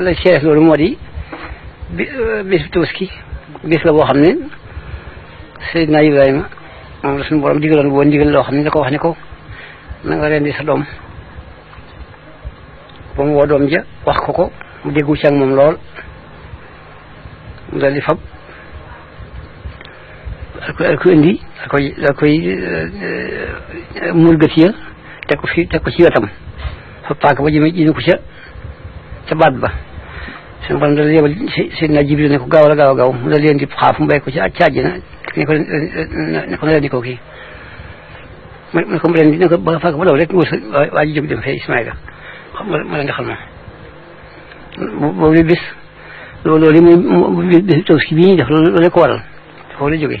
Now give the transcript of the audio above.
la ci def loolu moo di bis bi euh, tabaski bis la boo xam ne Seydina Ibrahima moom la suñu borom digaloon boo ndigal loo xam ne da ko wax ne ko na nga rendi sa doom ba mu woo doom ja wax ko ko mu déggu ci moom lool mu dal di fab daal koy daal koy indi daal koy daal koy euh, euh, ko fi teg ko ci wetam fa paak ba jëme jëme ca ca baat ba ฉันบักเรียกว่าสินายิบเนี่ยเขาเกาแล้วกาเกาเรียนที่ผาฟุ้งไปเขาชาชาจีนะนี่คนคนเรียนที่โคกีมันมันคงเรียนทีนะ่นเขาบอกฟังว่าเราเล็กมือว่าจะจุดเดือดเฮียสมัยก็เขาไม่ไม่ได้เข้ามาบริบิสเราเลียนมือบบิสตัวสกีนี่เด็กเราเล็กกว่เราเขาเรียนจุกี้